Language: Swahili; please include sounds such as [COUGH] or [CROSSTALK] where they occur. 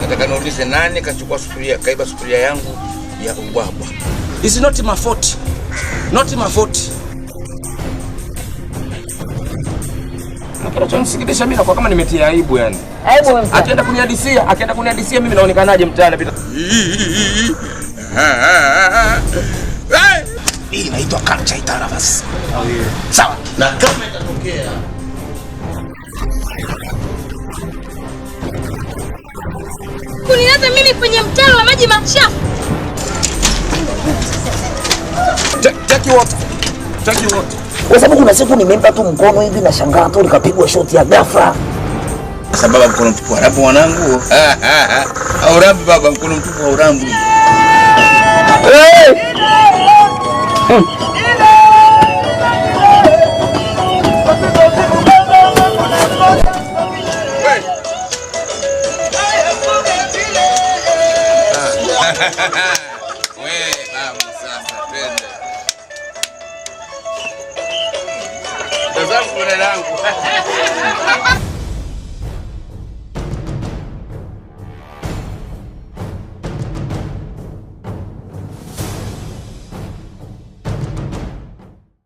Nataka niulize nani kachukua sufuria, kaiba sufuria yangu ya ubwabwa. It's not my fault. Not my fault. Kinachonisikitisha mimi nakuwa kama nimetia aibu yani. Aibu. Akienda kunihadisia, akienda kunihadisia mimi naonekanaje mtaani bila [LAUGHS] mtu akamcha itara basi. Oh, Sawa. Na kama itatokea kunilaza mimi kwenye mtaro wa maji machafu. Take water. Take water. Kwa sababu kuna siku nimempa tu mkono hivi na shangaa tu nikapigwa shoti ya ghafla. Sasa baba mkono mtupu [LAUGHS] Au baba mkono mtupu Hey! We babu, sasa twende. Tazama kuna langu [LAUGHS]